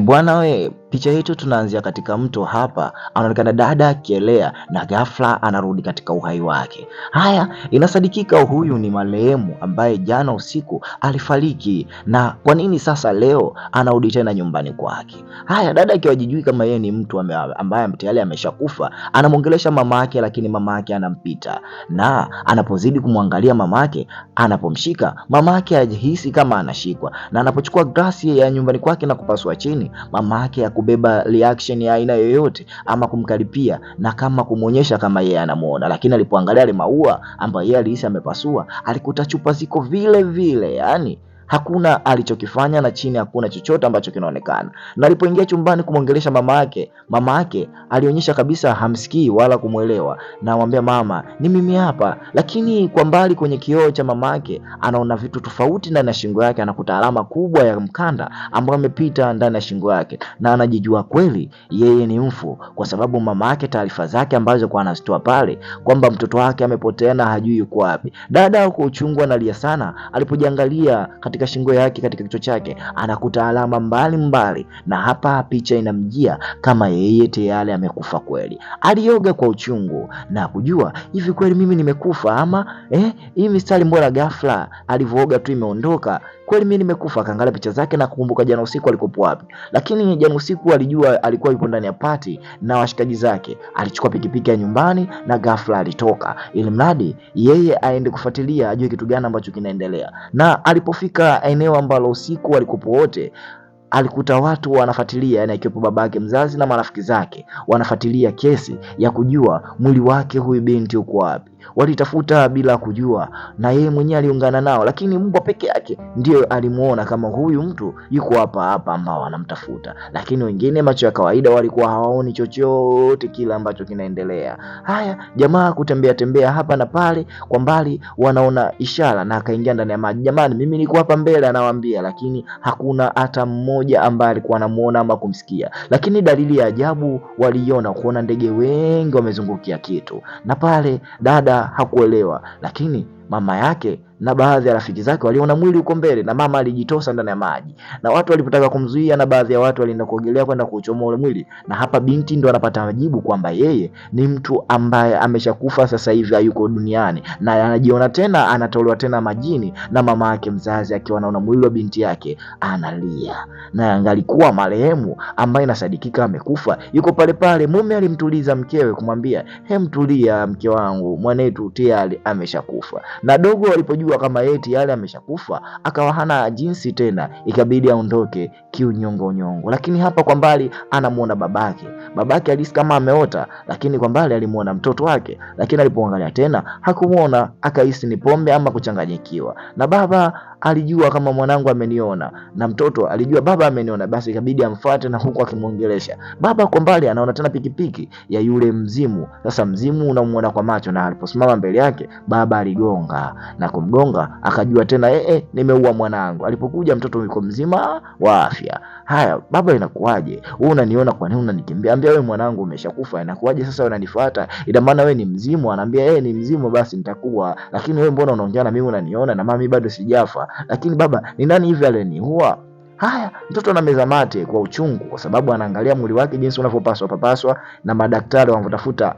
bueno eh, Picha yetu tunaanzia katika mto hapa, anaonekana dada akielea na ghafla anarudi katika uhai wake. Haya, inasadikika huyu ni marehemu ambaye jana usiku alifariki, na kwa nini sasa leo anarudi tena nyumbani kwake? Haya, dada akiwa hajijui kama yeye ni mtu ambaye tayari ameshakufa, anamwongelesha mama yake, lakini mama yake anampita, na anapozidi kumwangalia mama yake, anapomshika mama yake ajihisi kama anashikwa, na anapochukua glasi ya nyumbani kwake na kupasua chini, mama yake kubeba reaction ya aina yoyote ama kumkaripia na kama kumwonyesha kama yeye anamuona, lakini alipoangalia yale maua ambayo yeye alihisi amepasua, alikuta chupa ziko vile vile yani hakuna alichokifanya na chini hakuna chochote ambacho kinaonekana. Na alipoingia chumbani kumwongelesha mama yake, mama yake alionyesha kabisa hamsikii wala kumwelewa, na amwambia mama, ni mimi hapa. Lakini kwa mbali kwenye kioo cha mama yake anaona vitu tofauti ndani ya shingo yake, anakuta alama kubwa ya mkanda ambayo amepita ndani ya shingo yake, na anajijua kweli yeye ni mfu, kwa sababu mama yake taarifa zake ambazo kwa anazitoa pale kwamba mtoto wake amepotea na hajui yuko wapi. Dada kwa uchungu analia sana alipojiangalia katika shingo yake, katika kichwa chake, anakuta alama mbalimbali mbali, na hapa picha inamjia kama yeye tayari amekufa kweli. Alioga kwa uchungu na kujua hivi kweli mimi nimekufa ama eh, hii mistari mbona ghafla alivyooga tu imeondoka kweli mimi nimekufa. Akaangalia picha zake na kukumbuka jana usiku alikopo wapi, lakini jana usiku alijua alikuwa yupo ndani ya pati na washikaji zake. Alichukua pikipiki ya nyumbani na ghafla alitoka, ili mradi yeye aende kufuatilia, ajue kitu gani ambacho kinaendelea. Na alipofika katika eneo ambalo usiku walikupo wote alikuta watu wanafuatilia, yani akiwepo babake mzazi na marafiki zake wanafuatilia kesi ya kujua mwili wake huyu binti uko wapi. Walitafuta bila kujua, na yeye mwenyewe aliungana nao, lakini mbwa peke yake ndiyo alimuona kama huyu mtu yuko hapa hapa ambao wanamtafuta, lakini wengine macho ya kawaida walikuwa hawaoni chochote kile ambacho kinaendelea. Haya, jamaa kutembea tembea hapa na pale, kwa mbali wanaona ishara, na akaingia ndani ya maji. Jamani, mimi niko hapa mbele, anawaambia, lakini hakuna hata mmoja mmoja ambaye alikuwa anamuona ama kumsikia, lakini dalili ya ajabu waliiona kuona ndege wengi wamezungukia kitu, na pale dada hakuelewa, lakini mama yake na baadhi ya rafiki zake waliona mwili uko mbele na mama alijitosa ndani ya maji, na watu walipotaka kumzuia, na baadhi ya watu walienda kuogelea kwenda kuuchomoa ule mwili. Na hapa binti ndo anapata majibu kwamba yeye ni mtu ambaye ameshakufa, sasa hivi hayuko duniani, na anajiona tena, anatolewa tena majini na mama yake mzazi, akiwa anaona mwili wa binti yake analia, na angalikuwa marehemu ambaye inasadikika amekufa, yuko pale pale. Mume alimtuliza mkewe kumwambia, hemtulia mke wangu, mwanetu tayari ameshakufa. Na dogo walipojua akagundua kama yeye tayari ameshakufa, akawa hana jinsi tena, ikabidi aondoke kiunyongo nyongo. Lakini hapa kwa mbali anamuona babake. Babake alisi kama ameota, lakini kwa mbali alimuona mtoto wake, lakini alipoangalia tena hakumuona, akahisi ni pombe ama kuchanganyikiwa na baba alijua kama mwanangu ameniona, na mtoto alijua baba ameniona, basi ikabidi amfuate, na huku akimwongelesha baba. Kwa mbali anaona tena pikipiki ya yule mzimu. Sasa mzimu unamwona kwa macho, na aliposimama mbele yake baba aligonga na kumgonga, akajua tena eh, e, nimeua mwanangu. Alipokuja mtoto yuko mzima wa afya. Haya baba, inakuwaje wewe unaniona? Kwa nini unanikimbia? Ambia wewe mwanangu umeshakufa. Inakuwaje sasa unanifuata? Ina maana wewe ni mzimu? Anaambia yeye eh, ni mzimu, basi nitakuwa, lakini wewe mbona unaongea na mimi, unaniona na mami bado sijafa lakini baba ni nani hivi aliyeniua? Haya, mtoto anameza mate kwa uchungu, kwa sababu anaangalia mwili wake jinsi unavyopaswa papaswa na madaktari wanavyotafuta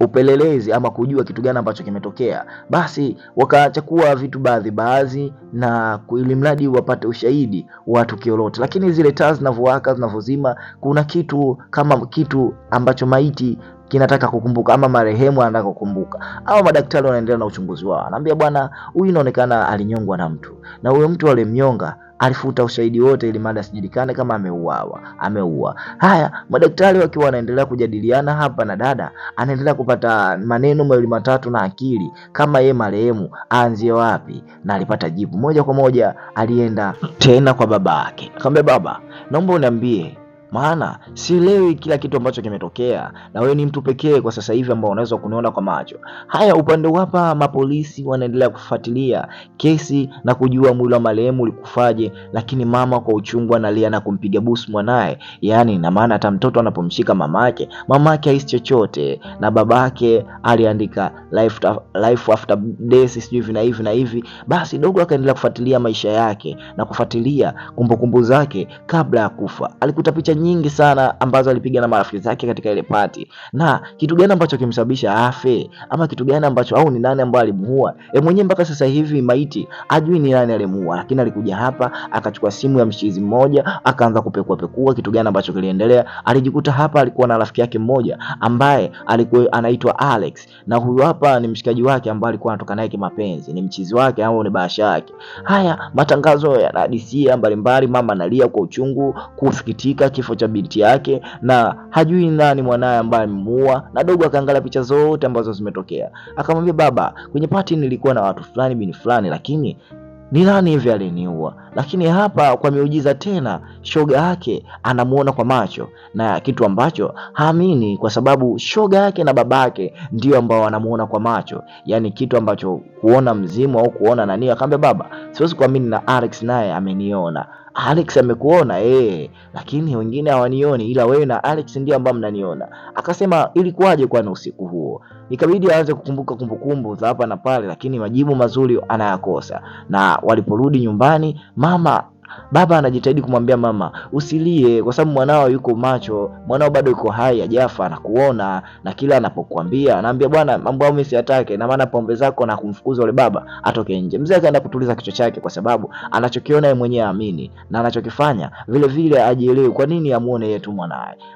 upelelezi ama kujua kitu gani ambacho kimetokea. Basi wakachakua vitu baadhi baadhi, na ili mradi wapate ushahidi wa tukio lote. Lakini zile taa zinavyowaka zinavyozima, kuna kitu kama kitu ambacho maiti kinataka kukumbuka ama marehemu anataka kukumbuka, au madaktari wanaendelea na uchunguzi wao, anaambia bwana, huyu inaonekana alinyongwa na mtu, na huyo mtu alimnyonga alifuta ushahidi wote ili mada sijulikane kama ameuawa ameua. Haya, madaktari wakiwa wanaendelea kujadiliana hapa, na dada anaendelea kupata maneno mawili matatu na akili kama ye marehemu aanzie wapi, na alipata jibu moja kwa moja. Alienda tena kwa baba yake akamwambia, baba, naomba uniambie maana sielewi kila kitu ambacho kimetokea, na wewe ni mtu pekee kwa sasa hivi ambao unaweza kuniona kwa macho haya. Upande wapa mapolisi wanaendelea kufuatilia kesi na kujua mwili wa marehemu ulikufaje, lakini mama kwa uchungu analia na kumpiga busu mwanaye, yaani na maana hata mtoto anapomshika mamake, mamake haisi chochote, na babake aliandika life, life after death sijui hivi na hivi na hivi. Basi dogo akaendelea kufuatilia maisha yake na kufuatilia kumbukumbu zake kabla ya kufa, alikuta picha nyingi sana ambazo alipiga na marafiki zake katika ile pati, na kitu gani ambacho kimsababisha afe ama kitu gani ambacho au ni nani ambaye alimuua? E, mwenyewe mpaka sasa hivi maiti ajui ni nani alimuua, lakini alikuja hapa akachukua simu ya mchizi mmoja akaanza kupekua pekua kitu gani ambacho kiliendelea. Alijikuta hapa alikuwa na rafiki yake mmoja ambaye alikuwa anaitwa Alex, na huyu hapa ni mshikaji wake ambaye alikuwa anatoka naye kimapenzi, ni mchizi wake au ni bahasha yake. Haya matangazo yanahadisia mbalimbali, mama analia kwa uchungu kusikitika kif kifo cha binti yake, na hajui nani mwanaye ambaye amemuua, na dogo akaangalia picha zote ambazo zimetokea, akamwambia baba, kwenye pati nilikuwa na watu fulani bini fulani, lakini ni nani hivi aliniua? Lakini hapa kwa miujiza tena, shoga yake anamuona kwa macho, na kitu ambacho haamini, kwa sababu shoga yake na babake ndio ambao wanamuona kwa macho, yaani kitu ambacho kuona mzimu au kuona nani. Akamwambia baba, siwezi kuamini, na Alex naye ameniona. Alex amekuona eh, lakini wengine hawanioni, ila wewe na Alex ndiye ambao mnaniona. Akasema ilikuwaje kwani usiku huo? Ikabidi aanze kukumbuka kumbukumbu za hapa na pale, lakini majibu mazuri anayakosa. Na waliporudi nyumbani, mama Baba anajitahidi kumwambia mama, usilie kwa sababu mwanao yuko macho, mwanao bado yuko hai, na kuona na kila anapokuambia anaambia, bwana, mambo yao mimi siyatake, na maana pombe zako na kumfukuza yule baba atoke nje. Mzee akaenda kutuliza kichwa chake, kwa sababu anachokiona yeye mwenyewe aamini na anachokifanya vile vile ajielewe, kwa nini amuone yetu tu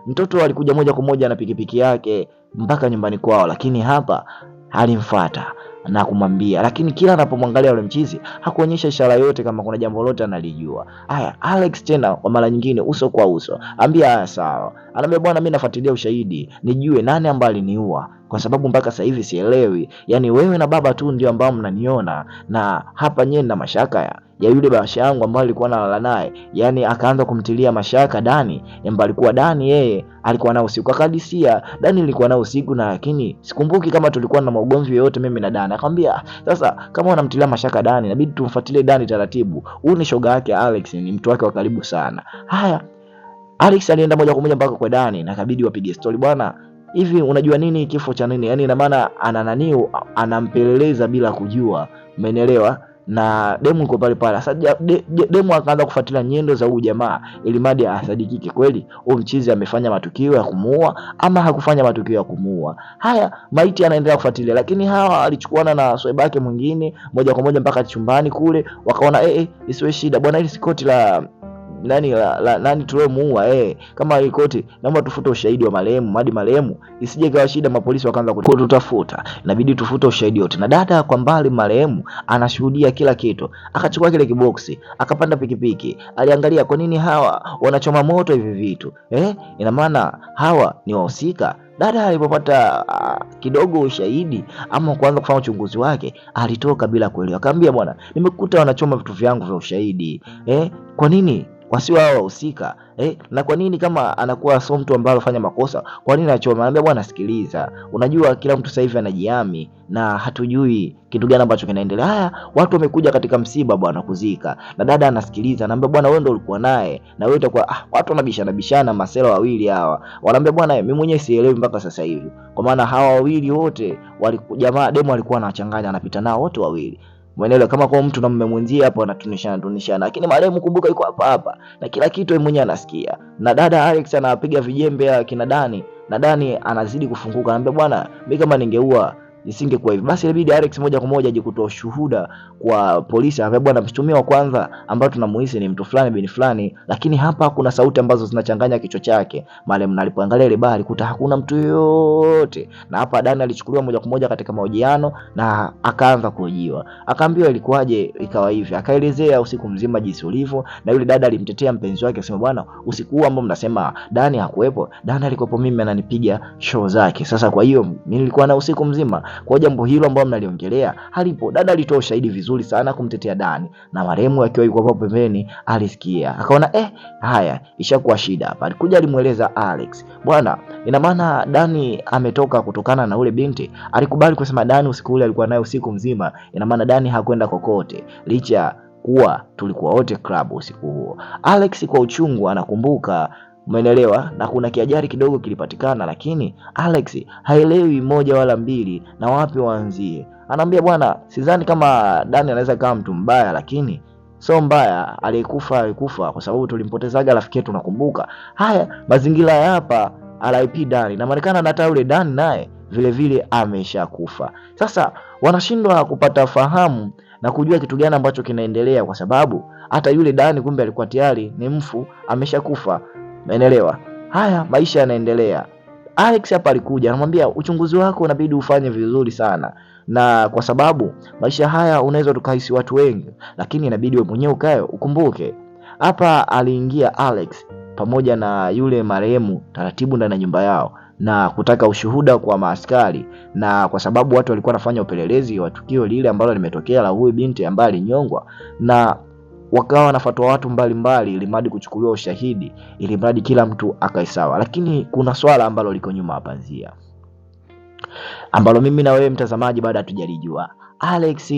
Mtoto alikuja moja kwa moja na pikipiki yake mpaka nyumbani kwao, lakini hapa alimfuata na kumwambia, lakini kila anapomwangalia yule mchizi hakuonyesha ishara yote kama kuna jambo lolote analijua. Haya, Alex tena kwa mara nyingine, uso kwa uso, ambia sawa. Anaambia bwana, mimi nafuatilia ushahidi nijue nani ambaye aliniua, kwa sababu mpaka sasa hivi sielewi. Yani wewe na baba tu ndio ambao mnaniona, na hapa nyewe na mashaka ya ya yule bahasha yangu ambaye alikuwa analala naye, yani akaanza kumtilia mashaka Dani ambaye alikuwa Dani yeye alikuwa na usiku. Akadisia Dani alikuwa na usiku na lakini sikumbuki kama tulikuwa na maugomvi yoyote mimi na Dani. Akamwambia, sasa kama unamtilia mashaka Dani inabidi tumfuatilie Dani taratibu. Huyu ni shoga yake Alex, ni mtu wake wa karibu sana. Haya, Alex alienda moja kwa moja mpaka kwa Dani na kabidi wapige story bwana hivi unajua nini kifo cha nini? Yaani ina maana anananiu anampeleleza bila kujua, umenielewa? na demu iko pale pale. Sasa de, de, demu akaanza kufuatilia nyendo za huyu jamaa ili madi asadikike kweli huyu mchizi amefanya matukio ya kumuua ama hakufanya matukio ya kumuua. Haya, maiti anaendelea kufuatilia, lakini hawa alichukuana na swebake mwingine moja kwa moja mpaka chumbani kule, wakaona eh, hey, eh, isiwe shida bwana, ili sikoti la nani la, la nani tulomuua eh, kama ikoti, naomba tufute ushahidi wa marehemu hadi marehemu, isije kawa shida mapolisi wakaanza kututafuta. Inabidi tufute ushahidi wote. Na dada kwa mbali, marehemu anashuhudia kila kitu, akachukua kile kiboksi, akapanda pikipiki, aliangalia kwa nini hawa wanachoma moto hivi vitu eh, ina maana hawa ni wahusika. Dada alipopata uh, kidogo ushahidi ama kuanza kufanya uchunguzi wake, alitoka bila kuelewa, akamwambia bwana, nimekuta wanachoma vitu vyangu vya ushahidi eh, kwa nini wasiwe hao wahusika eh? Na kwa nini kama anakuwa so mtu ambaye alifanya makosa, kwa nini anachoma? Anambia bwana, sikiliza, unajua kila mtu sasa hivi anajihami na hatujui kitu gani ambacho kinaendelea. Haya, watu wamekuja katika msiba bwana kuzika, na dada anasikiliza, anambia bwana, wewe ndio ulikuwa naye na wewe utakuwa ah, watu wanabishana bishana, masela wawili hawa wanaambia bwana, mimi mwenyewe sielewi mpaka sasa hivi, kwa maana hawa wawili wote walikuwa jamaa demo alikuwa anawachanganya, anapita nao wote wawili. Mwenelewa kama kwa mtu na mume mwenzie hapo anatunishana tunishana, lakini marehemu kumbuka yuko hapa hapa na kila kitu yeye mwenyewe anasikia. Na dada Alex anapiga vijembe akina Dani na Dani anazidi kufunguka, anambia bwana, mimi kama ningeua Isingekuwa hivyo basi, ilibidi Alex moja kwa moja aje kutoa ushuhuda kwa polisi, akaambia bwana, mshtumiwa wa kwanza ambaye tunamuhisi ni mtu fulani bin fulani, lakini hapa kuna sauti ambazo zinachanganya kichwa chake. Male mnalipoangalia ile baa kuta hakuna mtu yote. na hapa Dani alichukuliwa moja kwa moja katika mahojiano na akaanza kujiwa. akaambiwa ilikuwaje ikawa hivi, akaelezea usiku mzima jinsi ulivyo, na yule dada alimtetea mpenzi wake akisema, bwana, usiku huo ambao mnasema Dani hakuwepo, Dani alikuwepo, mimi ananipiga show zake. Sasa kwa hiyo mimi nilikuwa na usiku mzima kwa jambo hilo ambalo mnaliongelea halipo. Dada alitoa ushahidi vizuri sana kumtetea Dani, na marehemu akiwa yuko hapo pembeni alisikia, akaona eh, haya ishakuwa shida hapa. Alikuja alimweleza Alex, bwana, ina maana Dani ametoka kutokana na ule binti. Alikubali kusema Dani usiku ule alikuwa naye usiku mzima, ina maana Dani hakwenda kokote licha kuwa tulikuwa wote club usiku huo. Alex kwa uchungu anakumbuka Umeelewa? Na kuna kiajari kidogo kilipatikana, lakini Alex haelewi moja wala mbili na wapi waanzie. Anaambia bwana, sidhani kama Dani anaweza kama mtu mbaya, lakini so mbaya. Aliyekufa alikufa kwa sababu tulimpotezaga rafiki yetu, nakumbuka. Haya mazingira ya hapa, RIP Dani. Inamarekana hata yule Dani naye vile vile ameshakufa. Sasa wanashindwa kupata fahamu na kujua kitu gani ambacho kinaendelea, kwa sababu hata yule Dani kumbe alikuwa tayari ni mfu, ameshakufa. Umeelewa? Haya, maisha yanaendelea. Alex hapa alikuja anamwambia, uchunguzi wako unabidi ufanye vizuri sana, na kwa sababu maisha haya unaweza tukahisi watu wengi, lakini inabidi wewe mwenyewe ukae ukumbuke. Hapa aliingia Alex pamoja na yule marehemu taratibu ndani ya nyumba yao na kutaka ushuhuda kwa maaskari, na kwa sababu watu walikuwa wanafanya upelelezi wa tukio lile ambalo limetokea la huyu binti ambaye alinyongwa na wakawa wanafatwa watu mbalimbali, ili mradi kuchukuliwa ushahidi, ili mradi kila mtu akae sawa. Lakini kuna swala ambalo liko nyuma hapa ambalo mimi na wewe mtazamaji bado hatujalijua. Alex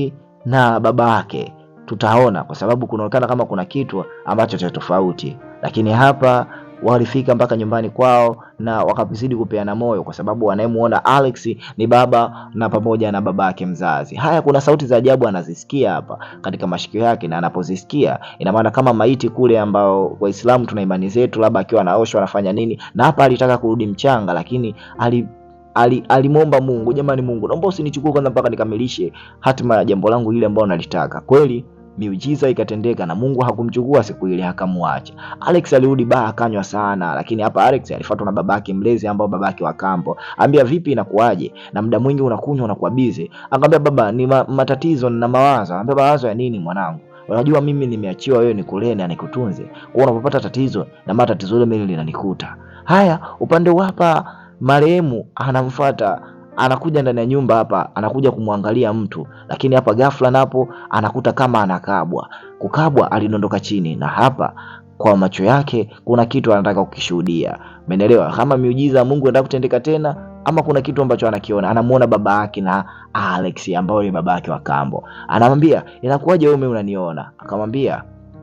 na baba yake tutaona, kwa sababu kunaonekana kama kuna kitu ambacho cha tofauti, lakini hapa walifika mpaka nyumbani kwao na wakazidi kupeana moyo, kwa sababu wanayemuona Alex ni baba na pamoja na baba yake mzazi. Haya, kuna sauti za ajabu anazisikia hapa katika mashikio yake, na anapozisikia ina maana kama maiti kule, ambao Waislamu tuna imani zetu, labda akiwa anaoshwa anafanya nini, na hapa alitaka kurudi mchanga, lakini ali ali alimwomba Mungu, jamani, Mungu naomba usinichukue kwanza mpaka nikamilishe hatima ya jambo langu lile ambalo nalitaka. Kweli miujiza ikatendeka na Mungu hakumchukua siku ile akamwacha. Alex alirudi baa akanywa sana, lakini hapa Alex alifuatwa na babake mlezi ambao babake wa kambo. Ambia vipi inakuaje? Na muda mwingi unakunywa unakuwa busy. Akamwambia baba, ni ma matatizo na mawazo. Anambia mawazo ya nini mwanangu? Unajua mimi nimeachiwa wewe nikulee na nikutunze. Kwa unapopata tatizo na matatizo yale mimi linanikuta. Haya, upande wapa marehemu anamfuata anakuja ndani ya nyumba hapa, anakuja kumwangalia mtu, lakini hapa ghafla napo anakuta kama anakabwa. Kukabwa, alidondoka chini, na hapa kwa macho yake kuna kitu anataka kukishuhudia. Umeelewa? Kama miujiza ya Mungu anataka kutendeka tena ama kuna kitu ambacho anakiona, anamuona baba yake na Alex ambaye ni baba yake wa kambo. Anamwambia, "Inakuwaje wewe unaniona?" Akamwambia,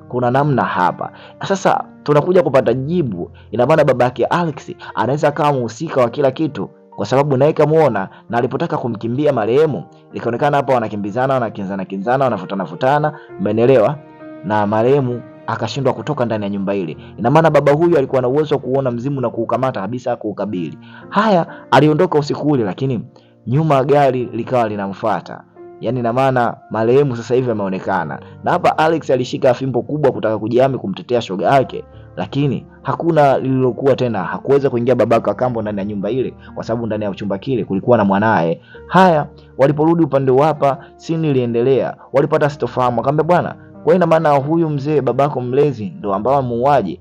"Kuna namna hapa." Sasa tunakuja kupata jibu. Ina maana baba yake Alex anaweza akawa mhusika wa kila kitu kwa sababu naye kamuona, na alipotaka kumkimbia marehemu ikaonekana hapa wanakimbizana, wanakinzana kinzana, wanafutana futana umeelewa, na marehemu akashindwa kutoka ndani ya nyumba ile. Ina maana baba huyu alikuwa na uwezo wa kuona mzimu na kuukamata kabisa, kuukabili. Haya, aliondoka usiku ule, lakini nyuma gari likawa linamfuata yaani na maana marehemu sasa hivi ameonekana, na hapa Alex alishika fimbo kubwa kutaka kujihami kumtetea shoga yake lakini hakuna lililokuwa tena. Hakuweza kuingia babako akambo ndani ya nyumba ile, kwa sababu ndani ya chumba kile kulikuwa na mwanaye. Haya, waliporudi upande wa hapa, sini iliendelea, walipata sitofahamu. Akamwambia bwana, kwa ina maana huyu mzee babako mlezi ndo ambao muuaji.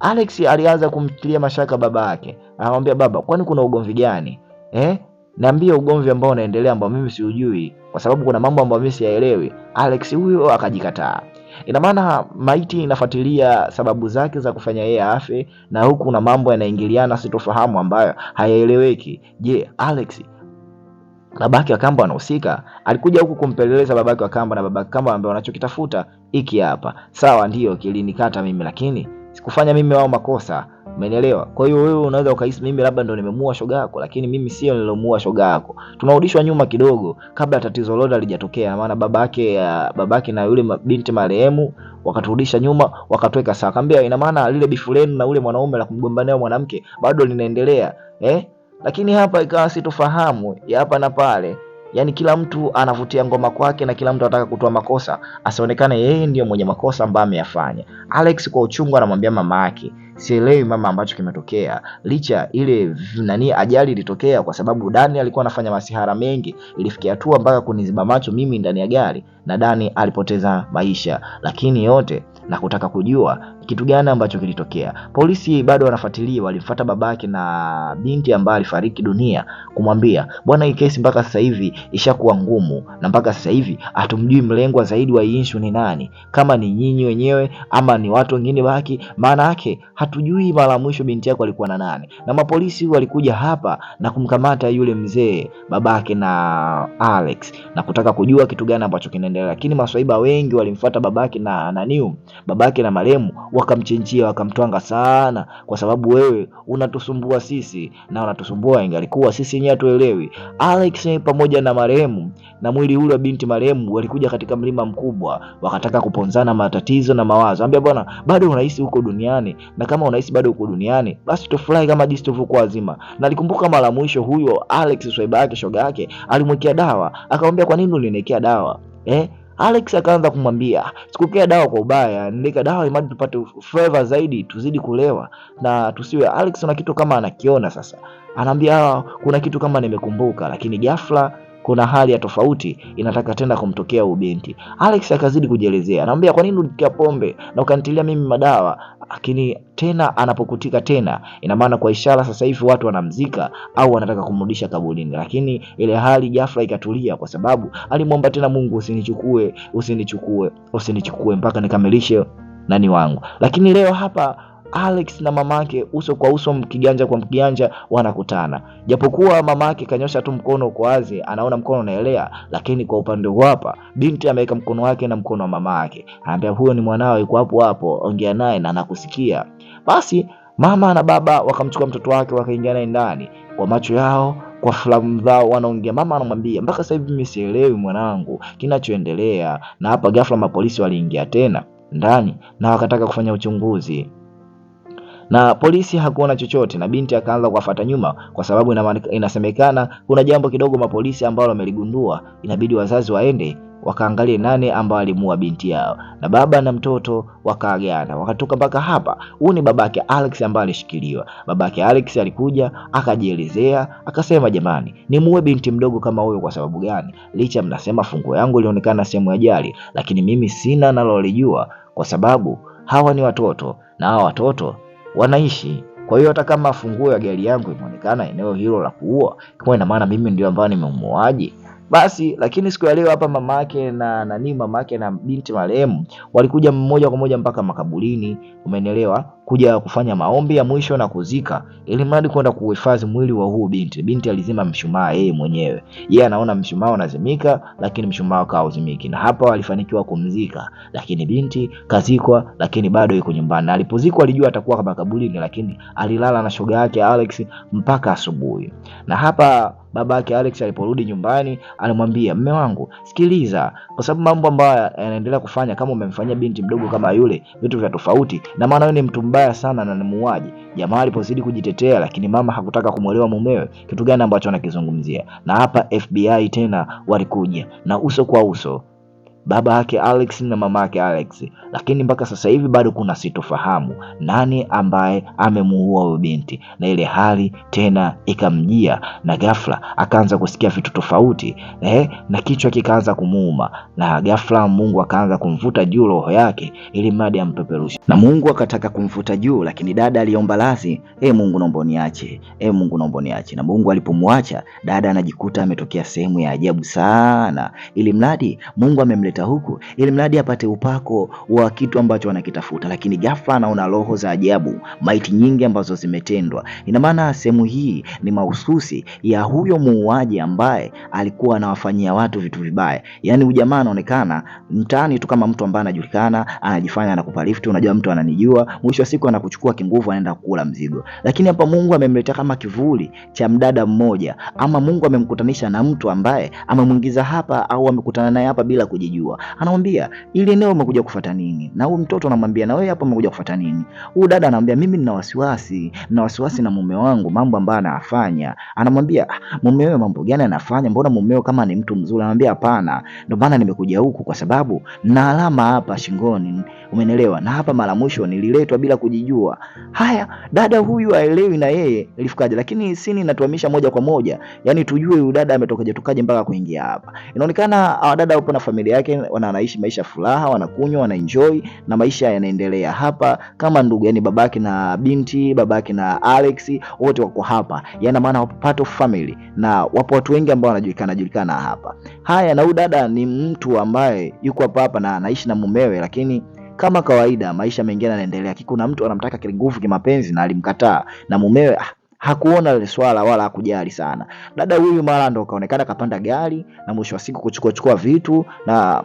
Alex alianza kumtilia mashaka baba yake, anamwambia baba, kwani kuna ugomvi gani eh? Niambie ugomvi ambao unaendelea ambao mimi siujui, kwa sababu kuna mambo ambayo mimi siyaelewi. Alex huyo akajikataa. Ina maana maiti inafuatilia sababu zake za kufanya yeye afe, na huku na mambo yanaingiliana sitofahamu ambayo hayaeleweki. Je, Alex babake wa kamba anahusika? Alikuja huku kumpeleleza babake wa kamba na babake Kamba ambaye wanachokitafuta hiki hapa. Sawa, ndiyo kilinikata mimi, lakini sikufanya mimi wao makosa. Umeelewa? Kwa hiyo wewe unaweza ukahisi mimi labda ndo nimemua shoga yako, lakini mimi sio nilomua shoga yako. Tunarudishwa nyuma kidogo, kabla tatizo lolote halijatokea, maana babake uh, babake na yule binti marehemu wakaturudisha nyuma, wakatweka saa, Kaambia ina maana lile bifu lenu na ule mwanaume la kumgombania mwanamke bado linaendelea eh? Lakini hapa ikawa sitofahamu ya hapa na pale. Yaani kila mtu anavutia ngoma kwake na kila mtu anataka kutoa makosa asionekane yeye ndiyo mwenye makosa ambaye ameyafanya. Alex kwa uchungu anamwambia mama yake sielewi mama ambacho kimetokea, licha ile nani ajali ilitokea, kwa sababu Dani alikuwa anafanya masihara mengi, ilifikia hatua mpaka kuniziba macho mimi ndani ya gari na Dani alipoteza maisha, lakini yote na kutaka kujua kitu gani ambacho kilitokea? Polisi bado wanafuatilia, walifuata babake na binti ambaye alifariki dunia kumwambia, bwana, hii kesi mpaka sasa hivi ishakuwa ngumu, na mpaka sasa hivi hatumjui mlengwa zaidi wa issue ni nani, kama ni nyinyi wenyewe ama ni watu wengine baki, maana yake hatujui mara mwisho binti yako alikuwa na nani. Na mapolisi walikuja hapa na kumkamata yule mzee babake na Alex na kutaka kujua kitu gani ambacho kinaendelea, lakini maswaiba wengi walimfuata babake na Naniu, babake na maremu wakamchinjia wakamtwanga sana, kwa sababu wewe unatusumbua sisi na unatusumbua ingalikuwa sisi yenyewe hatuelewi. Alex pamoja na marehemu na mwili ule wa binti marehemu walikuja katika mlima mkubwa, wakataka kuponzana matatizo na mawazo. Ambia bwana, bado unahisi huko duniani, na kama unahisi bado huko duniani, basi tofurahi kama jinsi tulivyokuwa wazima. Nalikumbuka mara mwisho huyo Alex swaiba yake shoga yake alimwekea dawa, akamwambia kwa nini ulinekea dawa eh? Alex akaanza kumwambia sikukea dawa kwa ubaya, ndika dawa imadi tupate flavor zaidi, tuzidi kulewa na tusiwe. Alex na kitu kama anakiona sasa, anaambia ah, kuna kitu kama nimekumbuka, lakini ghafla kuna hali ya tofauti inataka tena kumtokea binti. Alex akazidi kujielezea, anamwambia kwa nini ulitia pombe na ukanitilia mimi madawa? Lakini tena anapokutika tena, ina maana kwa ishara sasa hivi watu wanamzika au wanataka kumrudisha kaburini. Lakini ile hali Jafra ikatulia, kwa sababu alimwomba tena Mungu, usinichukue, usinichukue, usinichukue mpaka nikamilishe nani wangu. Lakini leo hapa Alex na mamake uso kwa uso, mkiganja kwa mkiganja, wanakutana. Japokuwa mamake kanyosha tu mkono kwa wazi, anaona mkono unaelea, lakini kwa upande hapa binti ameweka mkono wake na mkono wa mamake, yake, anambia huyo ni mwanao, yuko hapo hapo, ongea naye na anakusikia. Basi mama na baba wakamchukua mtoto wake, wakaingia naye ndani, kwa macho yao kwa filamu zao wanaongea. Mama anamwambia mpaka sasa hivi mimi sielewi mwanangu kinachoendelea. Na hapa ghafla mapolisi waliingia tena ndani na wakataka kufanya uchunguzi na polisi hakuona chochote, na binti akaanza kuwafuata nyuma, kwa sababu inasemekana kuna jambo kidogo mapolisi ambalo wameligundua, inabidi wazazi waende wakaangalie nane ambao alimuua binti yao, na baba na mtoto wakaagana, wakatoka mpaka hapa. Huyu ni babake Alex ambaye alishikiliwa. Babake Alex alikuja akajielezea, akasema jamani, nimuue binti mdogo kama huyo kwa sababu gani? Licha mnasema funguo yangu ilionekana sehemu ya ajali, lakini mimi sina nalolijua, kwa sababu hawa ni watoto na hawa watoto wanaishi. Kwa hiyo hata kama funguo ya gari yangu imeonekana eneo hilo la kuua, kwa ina maana mimi ndio ambaye nimemuuaji basi lakini siku ya leo hapa mamake na nani, mamake na binti marehemu walikuja moja kwa moja mpaka makaburini, umenielewa? kuja kufanya maombi ya mwisho na kuzika, ili mradi kwenda kuhifadhi mwili wa huu binti. Binti alizima mshumaa yeye mwenyewe, yeye anaona mshumaa unazimika, lakini mshumaa uzimiki, na hapa walifanikiwa kumzika, lakini binti kazikwa, lakini bado yuko nyumbani. Alipozikwa alijua atakuwa kama kaburini, lakini alilala na shoga yake Alex mpaka asubuhi, na hapa baba yake Alex aliporudi nyumbani alimwambia, mme wangu, sikiliza, kwa sababu mambo ambayo yanaendelea kufanya, kama umemfanyia binti mdogo kama yule vitu vya tofauti, na maana wewe ni mtu mba mbaya sana na ni muuaji. Jamaa alipozidi kujitetea, lakini mama hakutaka kumwelewa mumewe kitu gani ambacho anakizungumzia, na hapa FBI tena walikuja na uso kwa uso baba yake Alex na mama yake Alex, lakini mpaka sasa hivi bado kuna sitofahamu nani ambaye amemuua huyo binti, na ile hali tena ikamjia, na ghafla akaanza kusikia vitu tofauti eh, na kichwa kikaanza kumuuma, na ghafla Mungu akaanza kumvuta juu roho yake ili mradi ampeperushe, na Mungu akataka kumvuta juu, lakini dada aliomba lazi, e eh, Mungu naomba niache, e eh, Mungu naomba niache. Na Mungu alipomwacha dada, anajikuta ametokea sehemu ya ajabu sana, ili mradi Mungu amemleta analeta huku, ili mradi apate upako wa kitu ambacho anakitafuta, lakini ghafla anaona roho za ajabu, maiti nyingi ambazo zimetendwa. Ina maana sehemu hii ni mahususi ya huyo muuaji ambaye alikuwa anawafanyia watu vitu vibaya. Yaani ujamaa anaonekana mtaani tu kama mtu ambaye anajulikana, anajifanya anakupa lift, unajua mtu ananijua, mwisho wa siku anakuchukua kinguvu, anaenda kula mzigo. Lakini hapa Mungu amemletea kama kivuli cha mdada mmoja, ama Mungu amemkutanisha na mtu ambaye amemwingiza hapa au amekutana naye hapa bila kujijua anajua. Anamwambia ili eneo umekuja kufuata nini? Na huyu mtoto anamwambia na wewe hapa umekuja kufuata nini? Huyu dada anamwambia mimi nina wasiwasi, nina wasiwasi na mume wangu, mambo ambayo anayafanya. Anamwambia mume wewe, mambo gani anafanya? Mbona mume wewe kama ni mtu mzuri? Anamwambia hapana, ndio maana nimekuja huku kwa sababu na alama hapa shingoni, umenielewa? Na hapa mara mwisho nililetwa bila kujijua. Haya, dada huyu haelewi na yeye ilifukaje, lakini sini inatuhamisha moja kwa moja, yani tujue huyu dada ametokaje, tukaje mpaka kuingia hapa. Inaonekana ah, dada upo na familia yake wana wanaishi maisha furaha, wanakunywa, wanaenjoy na maisha yanaendelea hapa kama ndugu, yani babake na binti, babake na Alex wote wako hapa, yana maana wapo part of family na wapo watu wengi ambao wanajulikana julikana hapa. Haya, na huyu dada ni mtu ambaye yuko hapa hapa na anaishi na mumewe, lakini kama kawaida maisha mengine yanaendelea. Kuna mtu anamtaka nguvu kimapenzi na alimkataa na mumewe ah, hakuona lile swala wala hakujali sana. Dada huyu mara ndo kaonekana kapanda gari na mwisho wa siku kuchukua chukua vitu na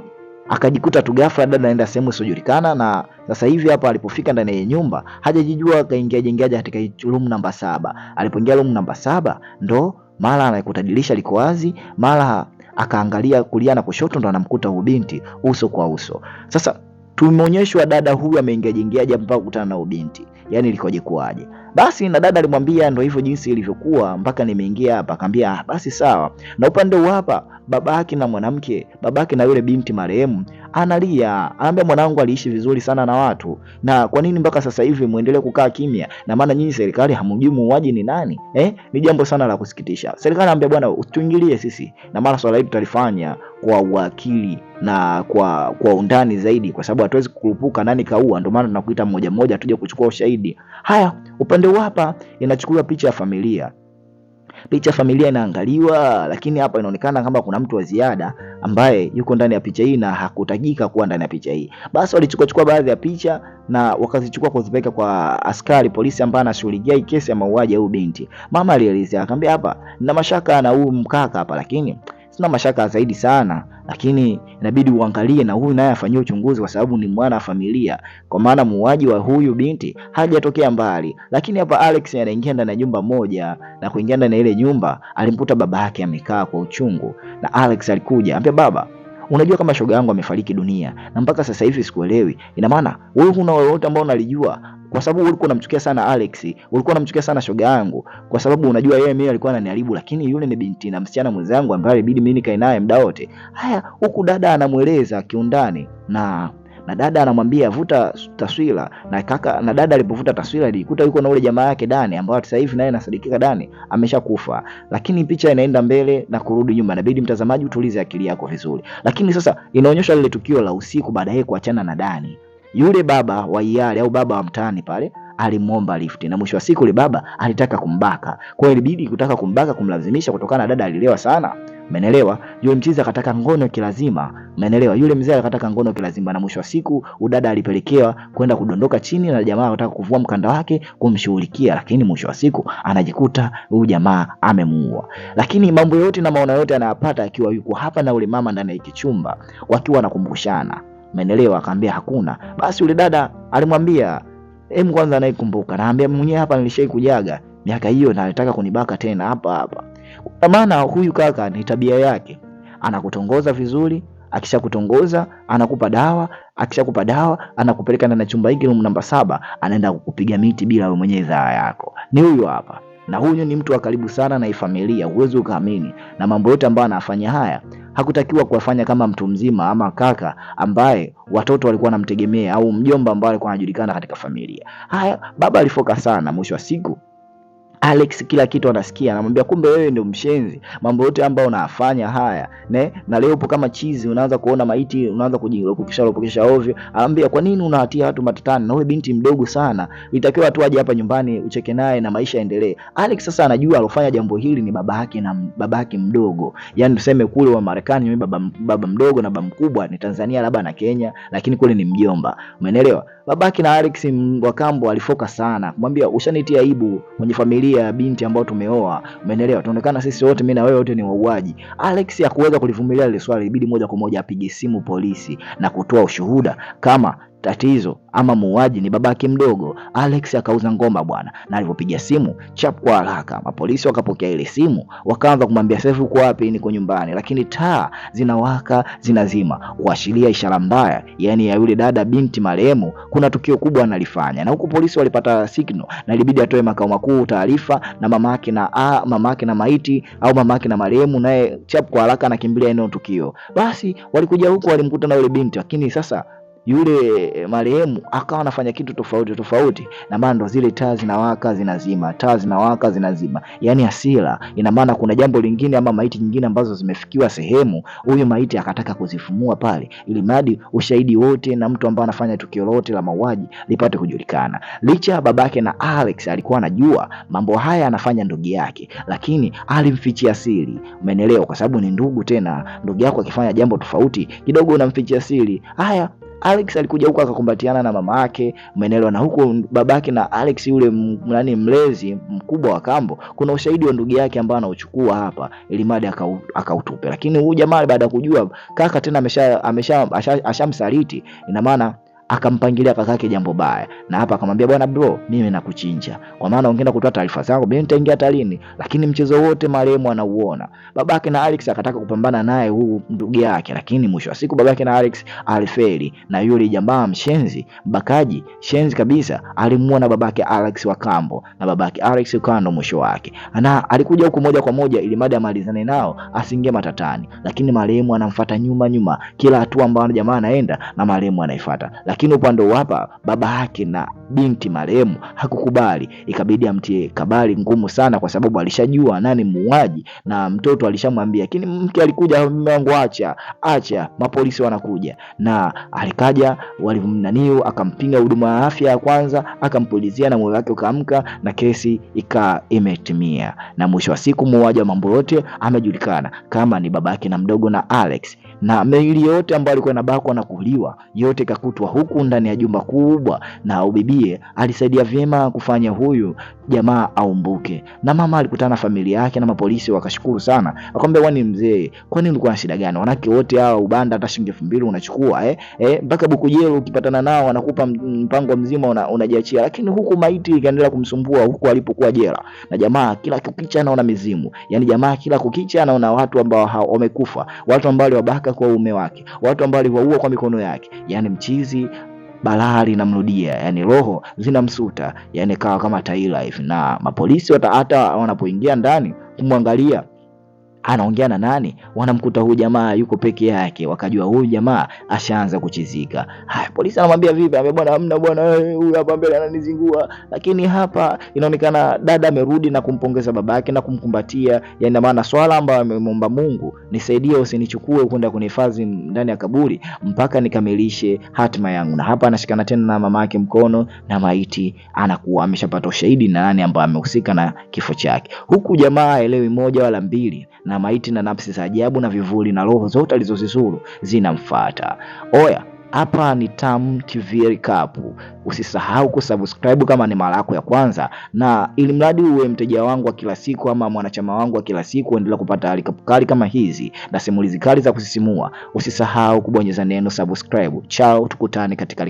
akajikuta tu ghafla dada anaenda sehemu isiyojulikana, na sasa hivi hapa alipofika ndani ya nyumba hajajijua kaingia jengeaje katika room namba saba. Alipoingia room namba saba ndo mara anaikuta dirisha liko wazi, mara akaangalia kulia na kushoto, ndo anamkuta huyu binti uso kwa uso. Sasa tumeonyeshwa dada huyu ameingia jengeaje mpaka kukutana na huyu binti, yani ilikoje kuaje? Basi na dada alimwambia ndo hivyo jinsi ilivyokuwa mpaka nimeingia hapa. Akamwambia ah, basi sawa, na upande huu hapa babake na mwanamke, babake na yule binti marehemu analia, anaambia mwanangu aliishi vizuri sana na watu, na kwa nini mpaka sasa hivi muendelee kukaa kimya? Na maana nyinyi serikali hamjui muuaji ni nani eh? Ni jambo sana la kusikitisha. Serikali anambia bwana, utuingilie sisi, na maana swala hili tutalifanya kwa uwakili na kwa kwa undani zaidi, kwa sababu hatuwezi kukurupuka nani kaua. Ndio maana tunakuita mmoja mmoja tuje kuchukua ushahidi. Haya, upande upande huu hapa inachukuliwa picha ya familia picha familia inaangaliwa, lakini hapa inaonekana kama kuna mtu wa ziada ambaye yuko ndani ya picha hii na hakutajika kuwa ndani ya picha hii. Basi walichukua chukua baadhi ya picha na wakazichukua kuzipeleka kwa askari polisi ambaye anashughulikia kesi ya mauaji ya huyu binti. Mama alielezea akamwambia, hapa nina mashaka na huyu mkaka hapa, lakini sina mashaka zaidi sana, lakini inabidi uangalie na huyu naye afanyie uchunguzi, kwa sababu ni mwana wa familia, kwa maana muuaji wa huyu binti hajatokea mbali. Lakini hapa Alex anaingia ndani ya nyumba moja, na kuingia ndani ya ile nyumba alimkuta baba yake amekaa kwa uchungu, na Alex alikuja ambia baba unajua kama shoga yangu amefariki dunia na mpaka sasa hivi sikuelewi. Ina maana wewe huna lolote ambao unalijua kwa sababu ulikuwa unamchukia sana Alex, ulikuwa unamchukia sana shoga yangu, kwa sababu unajua yeye mimi alikuwa ananiharibu, lakini yule ni binti na msichana mwenzangu ambaye ilibidi mimi nikae naye muda wote. Haya, huku dada anamweleza kiundani na na dada anamwambia vuta taswira na kaka, na dada alipovuta taswira alijikuta yuko na ule jamaa yake Dani, ambao sasa hivi naye anasadikika Dani ameshakufa, lakini picha inaenda mbele na kurudi nyuma. Inabidi mtazamaji utulize akili yako vizuri, lakini sasa inaonyesha lile tukio la usiku, baada baadaye kuachana na Dani. Yule baba wa iale au baba wa mtaani pale alimwomba lifti, na mwisho wa siku yule baba alitaka kumbaka. Kwa hiyo ilibidi kutaka kumbaka kumlazimisha, kutokana na dada alilewa sana, Menelewa, Yule mchizi akataka ngono kilazima, Menelewa, Yule mzee akataka ngono kilazima, na mwisho wa siku udada alipelekewa kwenda kudondoka chini, na jamaa anataka kuvua mkanda wake kumshughulikia, lakini mwisho wa siku anajikuta huyu jamaa amemuua. Lakini mambo yote na maono yote anayapata akiwa yuko hapa na ule mama ndani ya kichumba, wakiwa wanakumbushana Umeelewa? Akaambia hakuna. Basi yule dada alimwambia hem, kwanza anaikumbuka, naambia mwenyewe hapa nilishaikujaga miaka hiyo na alitaka kunibaka tena hapa hapa. Kwa maana huyu kaka ni tabia yake, anakutongoza vizuri, akishakutongoza anakupa dawa, akishakupa dawa anakupeleka ndani ya chumba hiki room namba saba, anaenda kukupiga miti bila wewe mwenyewe idhaa yako. Ni huyu hapa na huyu ni mtu wa karibu sana na familia, huwezi ukaamini. Na mambo yote ambayo anafanya haya hakutakiwa kuwafanya kama mtu mzima ama kaka ambaye watoto walikuwa wanamtegemea au mjomba ambaye alikuwa anajulikana katika familia. Haya, baba alifoka sana mwisho wa siku Alex kila kitu anasikia, anamwambia kumbe wewe ndio mshenzi, mambo yote ambayo unafanya haya ne, na leo upo kama chizi, unaanza kuona maiti, unaanza kujiropokesha ropokesha ovyo. Anamwambia kwa nini unawatia watu matatani, na wewe binti mdogo sana, itakiwa tu aje hapa nyumbani ucheke naye na maisha yaendelee. Alex sasa anajua alofanya jambo hili ni baba yake na baba yake mdogo, yani tuseme kule wa Marekani ni baba, baba mdogo na baba mkubwa ni Tanzania labda na Kenya, lakini kule ni mjomba, umeelewa. Babake na Alex wakambo alifoka sana, kumwambia ushanitia aibu kwenye familia familia ya binti ambayo tumeoa, umeelewa? Tunaonekana sisi wote, mimi na wewe, wote ni wauaji. Alex hakuweza kulivumilia ile swali, ibidi moja kwa moja apige simu polisi na kutoa ushuhuda kama Tatizo ama muuaji ni babake mdogo. Alex akauza ngoma bwana, na alipopiga simu chap kwa haraka, mapolisi wakapokea ile simu, wakaanza kumwambia Sefu kwa wapi? Niko nyumbani, lakini taa zinawaka zinazima, kuashiria ishara mbaya, yani ya yule dada binti marehemu kuna tukio kubwa analifanya. Na huku polisi walipata signal na ilibidi atoe makao makuu taarifa, na mamake na a, mamake na maiti au mamake na marehemu, naye chap kwa haraka anakimbilia eneo tukio. Basi walikuja huko, walimkuta na yule binti, lakini sasa yule eh, marehemu akawa anafanya kitu tofauti tofauti, na maana ndo zile taa zinawaka zinazima, taa zinawaka zinazima, yani hasira. Ina maana kuna jambo lingine ama maiti nyingine ambazo zimefikiwa sehemu, huyu maiti akataka kuzifumua pale, ili mradi ushahidi wote na mtu ambaye anafanya tukio lote la mauaji lipate kujulikana. Licha babake na Alex alikuwa anajua mambo haya anafanya ndugu yake, lakini alimfichia siri. Umeelewa? Kwa sababu ni ndugu, tena ndugu yako akifanya jambo tofauti kidogo unamfichia siri. Haya Alex alikuja huko akakumbatiana na mama yake, umeelewa, na huko babake na Alex yule nani mlezi mkubwa wa kambo, kuna ushahidi wa ndugu yake ambao anauchukua hapa ili mada akautupe. Lakini huyu jamaa baada ya kujua kaka tena amesha amesha ashamsaliti, ina maana akampangilia kaka yake jambo baya, na hapa akamwambia bwana bro, mimi nakuchinja kwa maana ungeenda kutoa taarifa zangu, mimi nitaingia talini. Lakini mchezo wote marehemu anauona. Babake na Alex akataka kupambana naye huu ndugu yake, lakini mwisho wa siku babake na Alex alifeli, na yule jamaa mshenzi, bakaji shenzi kabisa, alimuona babake Alex wa kambo, na babake Alex ukando mwisho wake, na alikuja huko moja kwa moja ili mada amalizane nao asiingie matatani, lakini marehemu anamfuata nyuma nyuma, kila hatua ambayo jamaa anaenda na marehemu anaifuata lakini lakini upande wa hapa baba yake na binti marehemu hakukubali, ikabidi amtie kabali ngumu sana, kwa sababu alishajua nani muuaji na mtoto alishamwambia. Lakini mke alikuja, mume wangu, acha acha, mapolisi wanakuja, na alikaja walimnaniu, akampinga huduma ya afya ya kwanza, akampulizia na moyo wake ukaamka, na kesi ika imetimia, na mwisho wa siku muuaji wa mambo yote amejulikana kama ni baba yake na mdogo na Alex na miili yote ambayo alikuwa inabakwa na kuliwa yote ikakutwa huku ndani ya jumba kubwa, na ubibie alisaidia vyema kufanya huyu jamaa aumbuke. Na mama alikutana na familia yake na mapolisi wakashukuru sana, akamwambia wani mzee, kwani ulikuwa na shida gani? Wanake wote hawa ubanda, hata shilingi elfu mbili unachukua eh, eh, mpaka Bukujelo ukipatana nao wanakupa mpango mzima una, unajiachia. Lakini huku maiti ikaendelea kumsumbua huku alipokuwa jela, na jamaa kila kukicha anaona mizimu, yani jamaa kila kukicha anaona watu ambao wamekufa, watu ambao waliwabaka kuwateka kwa ume wake, watu ambao aliwaua kwa mikono yake, yani mchizi balaa linamrudia, yani roho zinamsuta, yani kawa kama taila hivi, na mapolisi hata wanapoingia ndani kumwangalia anaongea na nani? Wanamkuta huyu jamaa yuko peke yake, wakajua huyu jamaa ashaanza kuchizika. Haya, polisi anamwambia vipi? Ambaye bwana, amna bwana, eh, huyu hapa mbele ananizingua. Lakini hapa inaonekana dada amerudi na kumpongeza babake na kumkumbatia, yaani maana swala ambayo amemwomba Mungu, nisaidie usinichukue kwenda kunihifadhi ndani ya kaburi mpaka nikamilishe hatima yangu. Na hapa anashikana tena na mama yake mkono, na maiti anakuwa ameshapata ushahidi na nani ambaye amehusika na kifo chake, huku jamaa elewi moja wala mbili na maiti na nafsi za ajabu na vivuli na roho zote alizozizuru zinamfuata. Oya, hapa ni Tam TV Recap. Usisahau kusubscribe kama ni mara yako ya kwanza, na ili mradi uwe mteja wangu wa kila siku ama mwanachama wangu wa kila siku, endelea kupata recap kali kama hizi na simulizi kali za kusisimua. Usisahau kubonyeza neno subscribe. Chao, tukutane katika